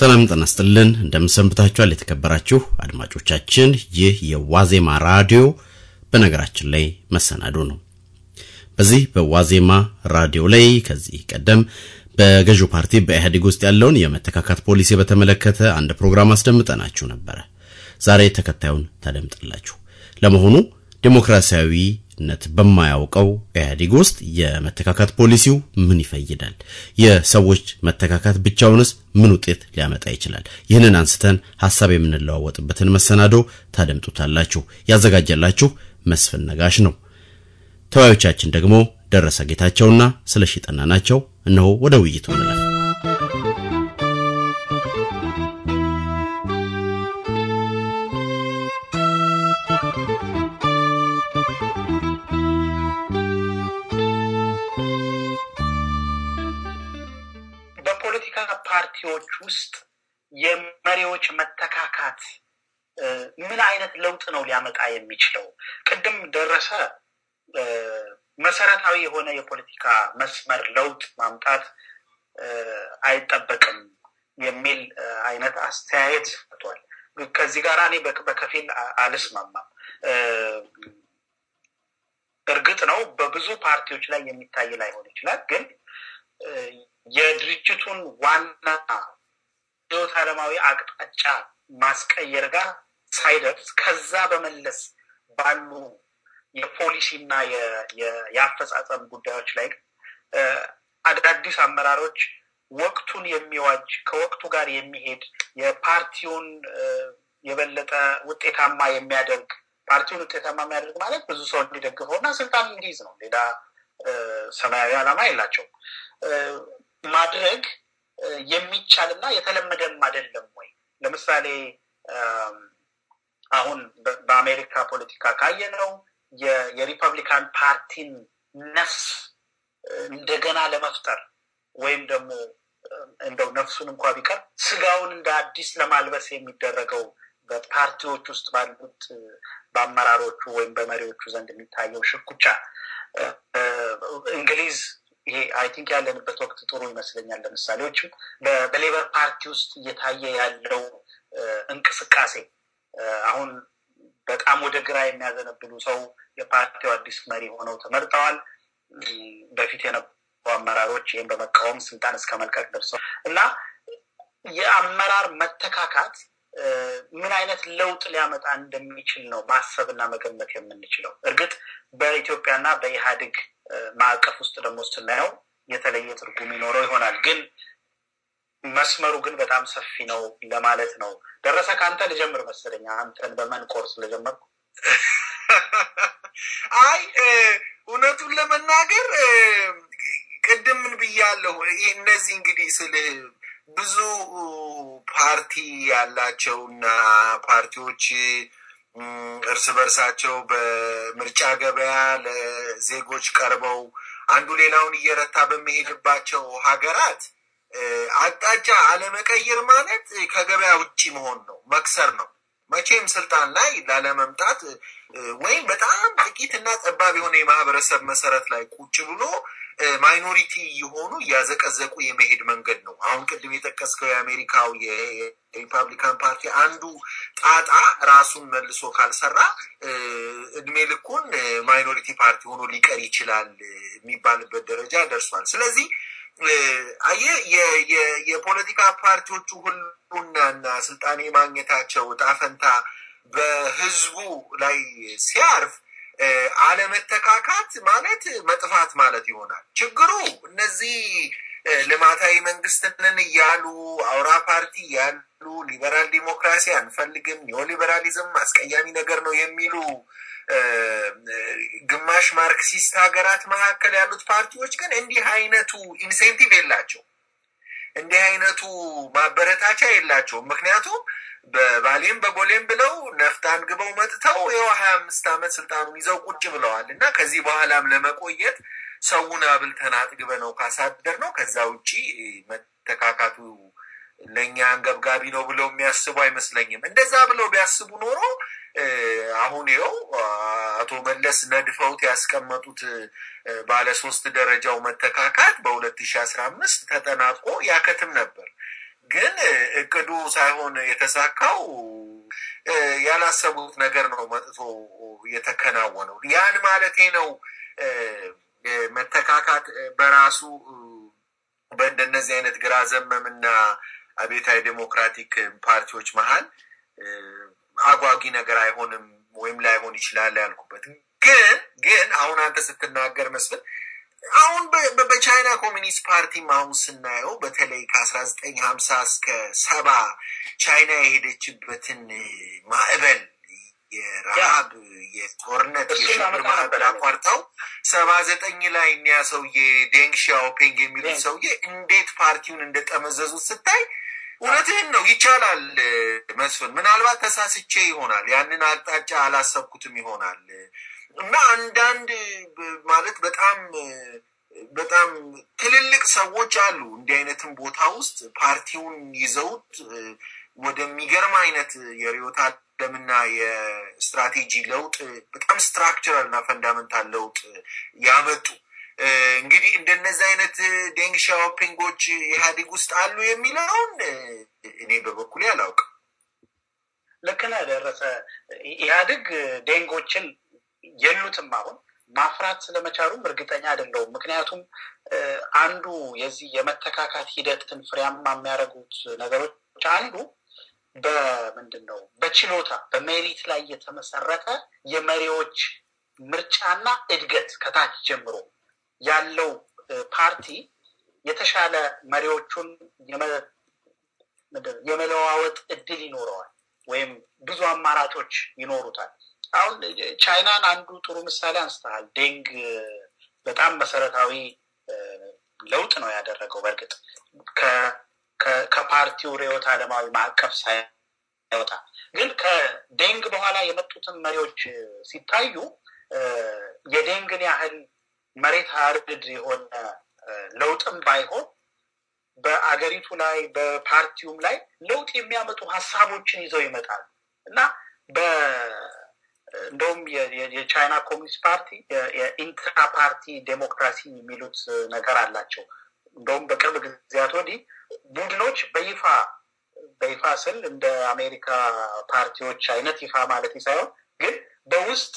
ሰላም ጤና ይስጥልን። እንደምንሰንብታችኋል የተከበራችሁ አድማጮቻችን። ይህ የዋዜማ ራዲዮ በነገራችን ላይ መሰናዶ ነው። በዚህ በዋዜማ ራዲዮ ላይ ከዚህ ቀደም በገዢው ፓርቲ በኢህአዴግ ውስጥ ያለውን የመተካካት ፖሊሲ በተመለከተ አንድ ፕሮግራም አስደምጠናችሁ ነበረ። ዛሬ ተከታዩን ታደምጣላችሁ። ለመሆኑ ዴሞክራሲያዊ ነት በማያውቀው ኢህአዴግ ውስጥ የመተካካት ፖሊሲው ምን ይፈይዳል? የሰዎች መተካካት ብቻውንስ ምን ውጤት ሊያመጣ ይችላል? ይህንን አንስተን ሀሳብ የምንለዋወጥበትን መሰናዶ ታደምጡታላችሁ። ያዘጋጀላችሁ መስፍን ነጋሽ ነው። ተወያዮቻችን ደግሞ ደረሰ ጌታቸውና ስለሺ ጠና ናቸው። እነሆ ወደ ውይይቱ እንላል። ፓርቲዎች ውስጥ የመሪዎች መተካካት ምን አይነት ለውጥ ነው ሊያመጣ የሚችለው? ቅድም ደረሰ መሰረታዊ የሆነ የፖለቲካ መስመር ለውጥ ማምጣት አይጠበቅም የሚል አይነት አስተያየት ሰጥቷል። ከዚህ ጋር እኔ በከፊል አልስማማም። እርግጥ ነው በብዙ ፓርቲዎች ላይ የሚታይ ላይሆን ይችላል ግን የድርጅቱን ዋና ህይወት ዓለማዊ አቅጣጫ ማስቀየር ጋር ሳይደርስ ከዛ በመለስ ባሉ የፖሊሲና የአፈጻጸም ጉዳዮች ላይ አዳዲስ አመራሮች ወቅቱን የሚዋጅ ከወቅቱ ጋር የሚሄድ የፓርቲውን የበለጠ ውጤታማ የሚያደርግ ፓርቲውን ውጤታማ የሚያደርግ ማለት ብዙ ሰው እንዲደግፈው እና ስልጣን እንዲይዝ ነው። ሌላ ሰማያዊ ዓላማ የላቸው። ማድረግ የሚቻልና የተለመደም አይደለም ወይ? ለምሳሌ አሁን በአሜሪካ ፖለቲካ ካየነው የሪፐብሊካን ፓርቲን ነፍስ እንደገና ለመፍጠር ወይም ደግሞ እንደው ነፍሱን እንኳ ቢቀር ስጋውን እንደ አዲስ ለማልበስ የሚደረገው በፓርቲዎች ውስጥ ባሉት በአመራሮቹ ወይም በመሪዎቹ ዘንድ የሚታየው ሽኩቻ እንግሊዝ ይሄ አይ ቲንክ ያለንበት ወቅት ጥሩ ይመስለኛል። ለምሳሌዎቹ በሌበር ፓርቲ ውስጥ እየታየ ያለው እንቅስቃሴ አሁን በጣም ወደ ግራ የሚያዘነብሉ ሰው የፓርቲው አዲስ መሪ ሆነው ተመርጠዋል። በፊት የነበሩ አመራሮች ይህም በመቃወም ስልጣን እስከ መልቀቅ ደርሰው እና የአመራር መተካካት ምን አይነት ለውጥ ሊያመጣ እንደሚችል ነው ማሰብ እና መገመት የምንችለው። እርግጥ በኢትዮጵያና በኢህአዴግ ማዕቀፍ ውስጥ ደግሞ ስናየው የተለየ ትርጉም ይኖረው ይሆናል። ግን መስመሩ ግን በጣም ሰፊ ነው ለማለት ነው። ደረሰ ከአንተ ልጀምር መሰለኝ። አንተን ኮርስ ልጀመርኩ። አይ እውነቱን ለመናገር ቅድም ምን ብያለሁ። እነዚህ እንግዲህ ስልህ ብዙ ፓርቲ ያላቸውና ፓርቲዎች እርስ በርሳቸው በምርጫ ገበያ ለዜጎች ቀርበው አንዱ ሌላውን እየረታ በሚሄድባቸው ሀገራት አቅጣጫ አለመቀየር ማለት ከገበያ ውጭ መሆን ነው፣ መክሰር ነው። መቼም ስልጣን ላይ ላለመምጣት ወይም በጣም ጥቂት እና ጠባብ የሆነ የማህበረሰብ መሰረት ላይ ቁጭ ብሎ ማይኖሪቲ የሆኑ እያዘቀዘቁ የመሄድ መንገድ ነው። አሁን ቅድም የጠቀስከው የአሜሪካው የሪፐብሊካን ፓርቲ አንዱ ጣጣ ራሱን መልሶ ካልሰራ እድሜ ልኩን ማይኖሪቲ ፓርቲ ሆኖ ሊቀር ይችላል የሚባልበት ደረጃ ደርሷል። ስለዚህ አየህ የፖለቲካ ፓርቲዎቹ ሁሉ ቡናና ስልጣን የማግኘታቸው ጣፈንታ በህዝቡ ላይ ሲያርፍ አለመተካካት ማለት መጥፋት ማለት ይሆናል። ችግሩ እነዚህ ልማታዊ መንግስትንን እያሉ አውራ ፓርቲ ያሉ ሊበራል ዲሞክራሲ አንፈልግም፣ ኒኦሊበራሊዝም አስቀያሚ ነገር ነው የሚሉ ግማሽ ማርክሲስት ሀገራት መካከል ያሉት ፓርቲዎች ግን እንዲህ አይነቱ ኢንሴንቲቭ የላቸው። እንዲህ አይነቱ ማበረታቻ የላቸውም። ምክንያቱም በባሌም በቦሌም ብለው ነፍጥ አንግበው መጥተው ይኸው ሀያ አምስት ዓመት ስልጣኑን ይዘው ቁጭ ብለዋል እና ከዚህ በኋላም ለመቆየት ሰውን አብልተን አጥግበ ነው ካሳደር ነው ከዛ ውጭ መተካካቱ ለእኛ አንገብጋቢ ነው ብለው የሚያስቡ አይመስለኝም። እንደዛ ብለው ቢያስቡ ኖሮ አሁን ይኸው አቶ መለስ ነድፈውት ያስቀመጡት ባለሶስት ደረጃው መተካካት በሁለት ሺ አስራ አምስት ተጠናቆ ያከትም ነበር። ግን እቅዱ ሳይሆን የተሳካው ያላሰቡት ነገር ነው መጥቶ የተከናወነው። ያን ማለቴ ነው። መተካካት በራሱ በእንደነዚህ አይነት ግራ ዘመምና አብዮታዊ ዴሞክራቲክ ፓርቲዎች መሀል አጓጊ ነገር አይሆንም ወይም ላይሆን ይችላል ያልኩበት ግን ግን አሁን አንተ ስትናገር መስፍን አሁን በቻይና ኮሚኒስት ፓርቲ አሁን ስናየው በተለይ ከአስራ ዘጠኝ ሀምሳ እስከ ሰባ ቻይና የሄደችበትን ማዕበል የረሃብ የጦርነት የሽብር ማዕበል አቋርጠው ሰባ ዘጠኝ ላይ እኒያ ሰውዬ ዴንግ ሻኦፒንግ የሚሉት ሰውዬ እንዴት ፓርቲውን እንደጠመዘዙት ስታይ እውነትህን ነው። ይቻላል መስፍን፣ ምናልባት ተሳስቼ ይሆናል ያንን አቅጣጫ አላሰብኩትም ይሆናል እና አንዳንድ ማለት በጣም በጣም ትልልቅ ሰዎች አሉ እንዲህ አይነትም ቦታ ውስጥ ፓርቲውን ይዘውት ወደሚገርም አይነት የሪዮታ ለምና የስትራቴጂ ለውጥ በጣም ስትራክቸራል እና ፈንዳመንታል ለውጥ ያመጡ እንግዲህ እንደነዚህ አይነት ዴንግ ሻኦፒንጎች ኢህአዴግ ውስጥ አሉ የሚለውን እኔ በበኩሌ አላውቅም። ልክ ነህ ደረሰ። ኢህአዴግ ዴንጎችን የሉትም አሁን ማፍራት ስለመቻሉም እርግጠኛ አይደለሁም። ምክንያቱም አንዱ የዚህ የመተካካት ሂደትን ፍሬያማ የሚያደርጉት ነገሮች አንዱ በምንድን ነው በችሎታ በሜሪት ላይ የተመሰረተ የመሪዎች ምርጫና እድገት ከታች ጀምሮ ያለው ፓርቲ የተሻለ መሪዎቹን የመለዋወጥ እድል ይኖረዋል ወይም ብዙ አማራጮች ይኖሩታል። አሁን ቻይናን አንዱ ጥሩ ምሳሌ አንስተሃል። ዴንግ በጣም መሰረታዊ ለውጥ ነው ያደረገው። በእርግጥ ከፓርቲው ሬዮት አለማዊ ማዕቀፍ ሳይወጣ ግን ከዴንግ በኋላ የመጡትን መሪዎች ሲታዩ የዴንግን ያህል መሬት አርድ የሆነ ለውጥም ባይሆን በአገሪቱ ላይ በፓርቲውም ላይ ለውጥ የሚያመጡ ሀሳቦችን ይዘው ይመጣሉ እና እንደውም የቻይና ኮሚኒስት ፓርቲ የኢንትራ ፓርቲ ዴሞክራሲ የሚሉት ነገር አላቸው። እንደውም በቅርብ ጊዜያት ወዲህ ቡድኖች በይፋ በይፋ ስል እንደ አሜሪካ ፓርቲዎች አይነት ይፋ ማለት ሳይሆን ግን በውስጥ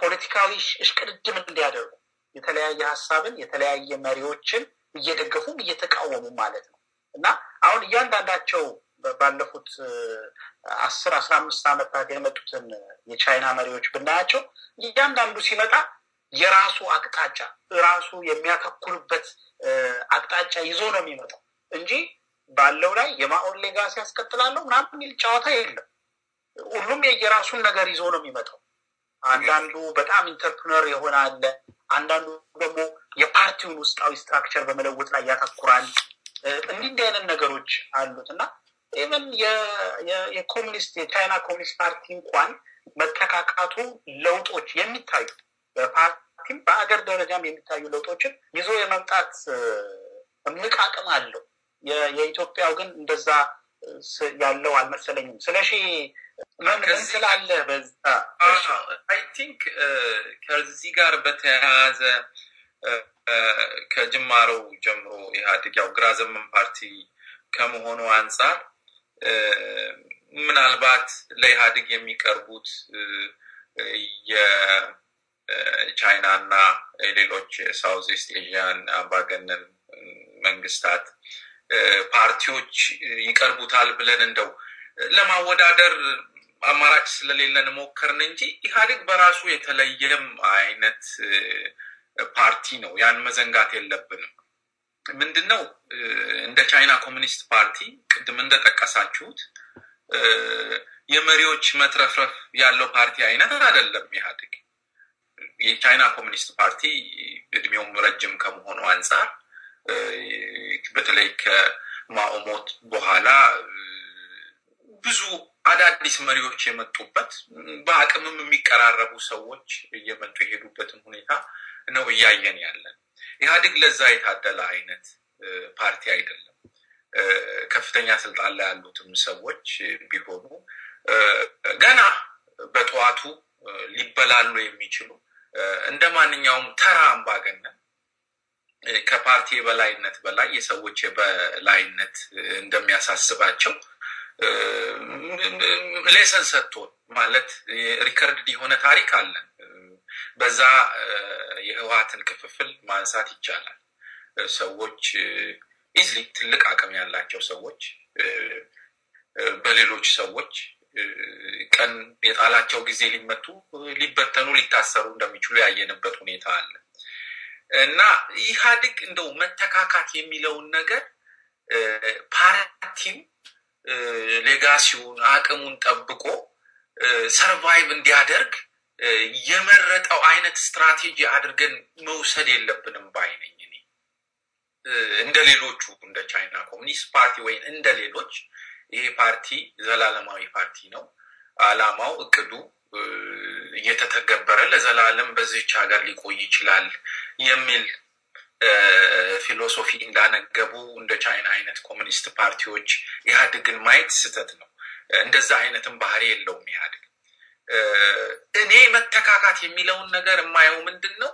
ፖለቲካዊ እሽቅድድም እንዲያደርጉ የተለያየ ሀሳብን የተለያየ መሪዎችን እየደገፉም እየተቃወሙ ማለት ነው እና አሁን እያንዳንዳቸው ባለፉት አስር አስራ አምስት ዓመታት የመጡትን የቻይና መሪዎች ብናያቸው እያንዳንዱ ሲመጣ የራሱ አቅጣጫ ራሱ የሚያተኩርበት አቅጣጫ ይዞ ነው የሚመጣው እንጂ ባለው ላይ የማኦን ሌጋሲ ያስቀጥላለሁ ምናምን የሚል ጨዋታ የለም። ሁሉም የየራሱን ነገር ይዞ ነው የሚመጣው። አንዳንዱ በጣም ኢንተርፕነር የሆነ አለ። አንዳንዱ ደግሞ የፓርቲውን ውስጣዊ ስትራክቸር በመለወጥ ላይ ያተኩራል። እንዲህ እንዲህ አይነት ነገሮች አሉት እና ኢቨን የኮሚኒስት የቻይና ኮሚኒስት ፓርቲ እንኳን መተካካቱ ለውጦች የሚታዩ በፓርቲም በአገር ደረጃም የሚታዩ ለውጦችን ይዞ የመምጣት እምቅ አቅም አለው። የኢትዮጵያው ግን እንደዛ ያለው አልመሰለኝም። ስለሺ አይ ቲንክ ከዚህ ጋር በተያያዘ ከጅማሮው ጀምሮ ኢህአዴግ ያው ግራ ዘመን ፓርቲ ከመሆኑ አንጻር ምናልባት ለኢህአዴግ የሚቀርቡት የቻይና እና ሌሎች ሳውዝ ኢስት ኤዥያን አምባገነን መንግስታት ፓርቲዎች ይቀርቡታል ብለን እንደው ለማወዳደር አማራጭ ስለሌለን ሞከርን እንጂ ኢህአዴግ በራሱ የተለየም አይነት ፓርቲ ነው። ያን መዘንጋት የለብንም። ምንድን ነው እንደ ቻይና ኮሚኒስት ፓርቲ ቅድም እንደጠቀሳችሁት የመሪዎች መትረፍረፍ ያለው ፓርቲ አይነት አይደለም ኢህአዴግ። የቻይና ኮሚኒስት ፓርቲ እድሜውም ረጅም ከመሆኑ አንጻር በተለይ ከማኦሞት በኋላ ብዙ አዳዲስ መሪዎች የመጡበት በአቅምም የሚቀራረቡ ሰዎች እየመጡ የሄዱበትን ሁኔታ ነው እያየን ያለን። ኢህአዴግ ለዛ የታደለ አይነት ፓርቲ አይደለም። ከፍተኛ ስልጣን ላይ ያሉትም ሰዎች ቢሆኑ ገና በጠዋቱ ሊበላሉ የሚችሉ እንደ ማንኛውም ተራ አምባገነን ከፓርቲ የበላይነት በላይ የሰዎች የበላይነት እንደሚያሳስባቸው ሌሰን ሰጥቶን ማለት ሪከርድ የሆነ ታሪክ አለን። በዛ የህወሀትን ክፍፍል ማንሳት ይቻላል። ሰዎች ኢዝሊ ትልቅ አቅም ያላቸው ሰዎች በሌሎች ሰዎች ቀን የጣላቸው ጊዜ ሊመቱ፣ ሊበተኑ፣ ሊታሰሩ እንደሚችሉ ያየንበት ሁኔታ አለ እና ኢህአዴግ እንደው መተካካት የሚለውን ነገር ፓርቲም ሌጋሲውን አቅሙን ጠብቆ ሰርቫይቭ እንዲያደርግ የመረጠው አይነት ስትራቴጂ አድርገን መውሰድ የለብንም ባይነኝ እኔ እንደ ሌሎቹ እንደ ቻይና ኮሚኒስት ፓርቲ ወይም እንደ ሌሎች ይሄ ፓርቲ ዘላለማዊ ፓርቲ ነው። አላማው እቅዱ እየተተገበረ ለዘላለም በዚህች ሀገር ሊቆይ ይችላል የሚል ፊሎሶፊ እንዳነገቡ እንደ ቻይና አይነት ኮሚኒስት ፓርቲዎች ኢህአዴግን ማየት ስህተት ነው። እንደዛ አይነትም ባህሪ የለውም ኢህአዴግ። እኔ መተካካት የሚለውን ነገር የማየው ምንድን ነው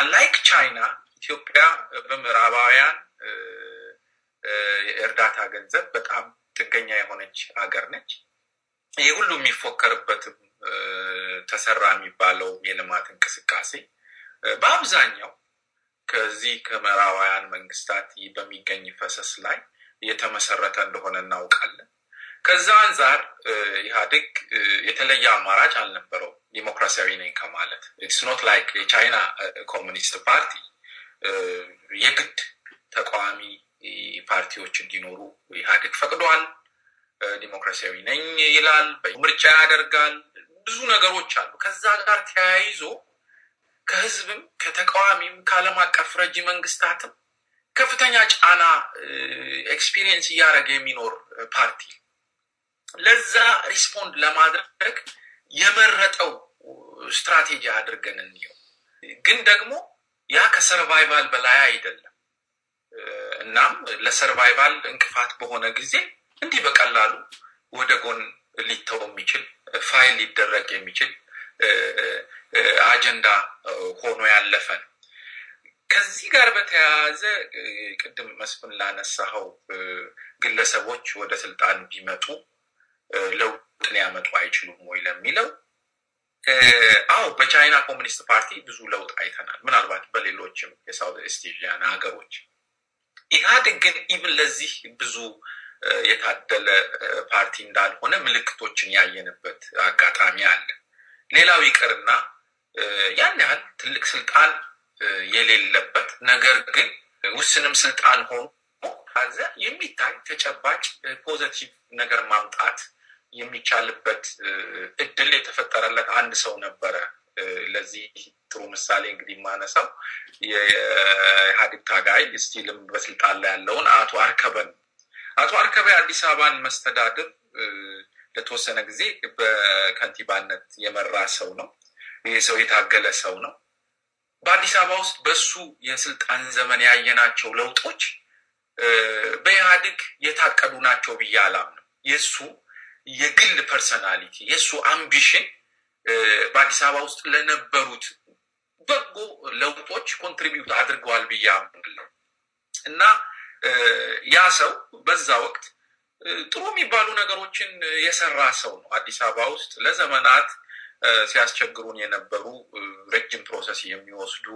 አንላይክ ቻይና ኢትዮጵያ በምዕራባውያን የእርዳታ ገንዘብ በጣም ጥገኛ የሆነች ሀገር ነች። ይህ ሁሉ የሚፎከርበትም ተሰራ የሚባለው የልማት እንቅስቃሴ በአብዛኛው ከዚህ ከምዕራባውያን መንግስታት በሚገኝ ፈሰስ ላይ የተመሰረተ እንደሆነ እናውቃለን። ከዛ አንጻር ኢህአዴግ የተለየ አማራጭ አልነበረው ዲሞክራሲያዊ ነኝ ከማለት ኢትስ ኖት ላይክ የቻይና ኮሚኒስት ፓርቲ የግድ ተቃዋሚ ፓርቲዎች እንዲኖሩ ኢህአዴግ ፈቅዷል። ዲሞክራሲያዊ ነኝ ይላል፣ ምርጫ ያደርጋል፣ ብዙ ነገሮች አሉ። ከዛ ጋር ተያይዞ ከህዝብም ከተቃዋሚም ከዓለም አቀፍ ረጂ መንግስታትም ከፍተኛ ጫና ኤክስፒሪየንስ እያደረገ የሚኖር ፓርቲ ለዛ ሪስፖንድ ለማድረግ የመረጠው ስትራቴጂ አድርገን እንየው። ግን ደግሞ ያ ከሰርቫይቫል በላይ አይደለም። እናም ለሰርቫይቫል እንቅፋት በሆነ ጊዜ እንዲህ በቀላሉ ወደ ጎን ሊተው የሚችል ፋይል ሊደረግ የሚችል አጀንዳ ሆኖ ያለፈ ነው። ከዚህ ጋር በተያያዘ ቅድም መስፍን ላነሳኸው ግለሰቦች ወደ ስልጣን ቢመጡ ለውጥ ያመጡ አይችሉም ወይ ለሚለው አዎ በቻይና ኮሚኒስት ፓርቲ ብዙ ለውጥ አይተናል። ምናልባት በሌሎችም የሳውት ኢስት ኤዥያን ሀገሮች ኢህአዴግ ግን ኢቭን ለዚህ ብዙ የታደለ ፓርቲ እንዳልሆነ ምልክቶችን ያየንበት አጋጣሚ አለ። ሌላው ይቅርና ያን ያህል ትልቅ ስልጣን የሌለበት ነገር ግን ውስንም ስልጣን ሆኖ ከዛ የሚታይ ተጨባጭ ፖዘቲቭ ነገር ማምጣት የሚቻልበት እድል የተፈጠረለት አንድ ሰው ነበረ። ለዚህ ጥሩ ምሳሌ እንግዲህ የማነሳው የኢህአዴግ ታጋይ ስቲልም በስልጣን ላይ ያለውን አቶ አርከበን አቶ አርከበ የአዲስ አበባን መስተዳድር ለተወሰነ ጊዜ በከንቲባነት የመራ ሰው ነው። ይህ ሰው የታገለ ሰው ነው። በአዲስ አበባ ውስጥ በሱ የስልጣን ዘመን ያየናቸው ለውጦች በኢህአዴግ የታቀዱ ናቸው ብዬ አላምንም። የእሱ የግል ፐርሰናሊቲ የእሱ አምቢሽን በአዲስ አበባ ውስጥ ለነበሩት በጎ ለውጦች ኮንትሪቢዩት አድርገዋል ብዬ አምናለሁ እና ያ ሰው በዛ ወቅት ጥሩ የሚባሉ ነገሮችን የሰራ ሰው ነው። አዲስ አበባ ውስጥ ለዘመናት ሲያስቸግሩን የነበሩ ረጅም ፕሮሰስ የሚወስዱ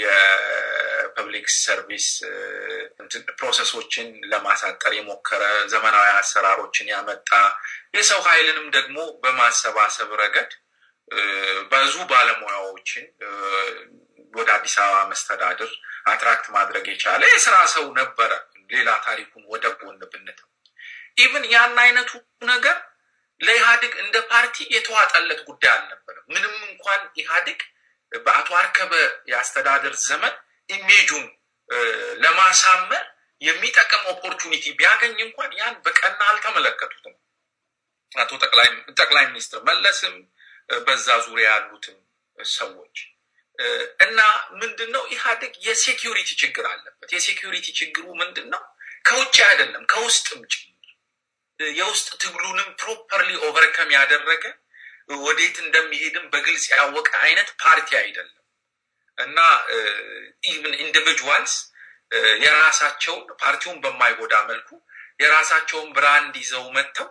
የፐብሊክ ሰርቪስ ፕሮሰሶችን ለማሳጠር የሞከረ ዘመናዊ አሰራሮችን ያመጣ የሰው ኃይልንም ደግሞ በማሰባሰብ ረገድ ብዙ ባለሙያዎችን ወደ አዲስ አበባ መስተዳድር አትራክት ማድረግ የቻለ የስራ ሰው ነበረ። ሌላ ታሪኩን ወደ ጎን ብንተው ኢቭን ያን አይነቱ ነገር ለኢህአዴግ እንደ ፓርቲ የተዋጠለት ጉዳይ አልነበረም። ምንም እንኳን ኢህአዴግ በአቶ አርከበ የአስተዳደር ዘመን ኢሜጁን ለማሳመር የሚጠቅም ኦፖርቹኒቲ ቢያገኝ እንኳን ያን በቀና አልተመለከቱትም። አቶ ጠቅላይ ሚኒስትር መለስም በዛ ዙሪያ ያሉትም ሰዎች እና ምንድን ነው ኢህአዴግ የሴኪሪቲ ችግር አለበት። የሴኪሪቲ ችግሩ ምንድን ነው? ከውጭ አይደለም ከውስጥም ጭምር የውስጥ ትግሉንም ፕሮፐርሊ ኦቨርከም ያደረገ ወዴት እንደሚሄድም በግልጽ ያወቀ አይነት ፓርቲ አይደለም እና ኢቭን ኢንዲቪጁዋልስ የራሳቸውን ፓርቲውን በማይጎዳ መልኩ የራሳቸውን ብራንድ ይዘው መጥተው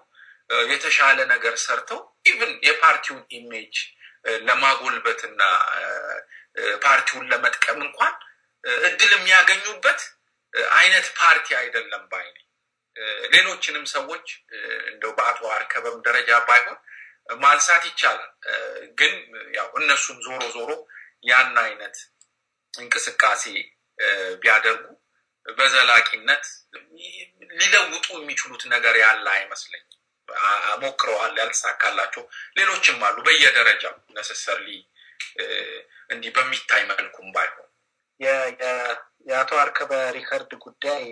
የተሻለ ነገር ሰርተው ኢቭን የፓርቲውን ኢሜጅ ለማጎልበት እና ፓርቲውን ለመጥቀም እንኳን እድል የሚያገኙበት አይነት ፓርቲ አይደለም ባይ ነኝ። ሌሎችንም ሰዎች እንደው በአቶ አርከበም ደረጃ ባይሆን ማንሳት ይቻላል። ግን ያው እነሱም ዞሮ ዞሮ ያን አይነት እንቅስቃሴ ቢያደርጉ በዘላቂነት ሊለውጡ የሚችሉት ነገር ያለ አይመስለኝም። ሞክረዋል፣ ያልተሳካላቸው ሌሎችም አሉ በየደረጃው ነሰሰርሊ እንዲህ በሚታይ መልኩም ባይሆን የአቶ አርከበ ሪከርድ ጉዳይ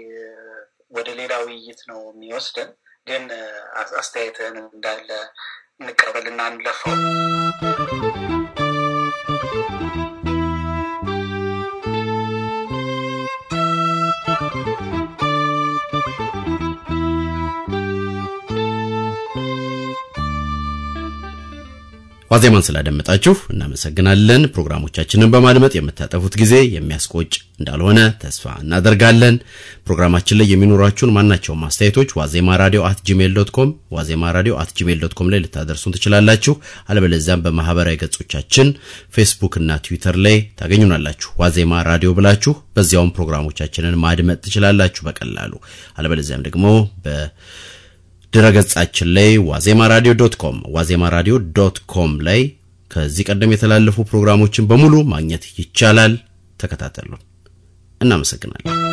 ወደ ሌላ ውይይት ነው የሚወስድን። ግን አስተያየትህን እንዳለ እንቀበልና እንለፋው። ዋዜማን ስላደመጣችሁ እናመሰግናለን። ፕሮግራሞቻችንን በማድመጥ የምታጠፉት ጊዜ የሚያስቆጭ እንዳልሆነ ተስፋ እናደርጋለን። ፕሮግራማችን ላይ የሚኖራችሁን ማናቸውም አስተያየቶች ዋዜማ ራዲዮ አት ጂሜል ዶት ኮም ዋዜማ ራዲዮ አት ጂሜል ዶት ኮም ላይ ልታደርሱን ትችላላችሁ። አለበለዚያም በማህበራዊ ገጾቻችን ፌስቡክ እና ትዊተር ላይ ታገኙናላችሁ። ዋዜማ ራዲዮ ብላችሁ በዚያውም ፕሮግራሞቻችንን ማድመጥ ትችላላችሁ በቀላሉ አለበለዚያም ደግሞ በ ድረገጻችን ላይ ዋዜማ ራዲዮ ዶት ኮም ዋዜማ ራዲዮ ዶት ኮም ላይ ከዚህ ቀደም የተላለፉ ፕሮግራሞችን በሙሉ ማግኘት ይቻላል። ተከታተሉ። እናመሰግናለን።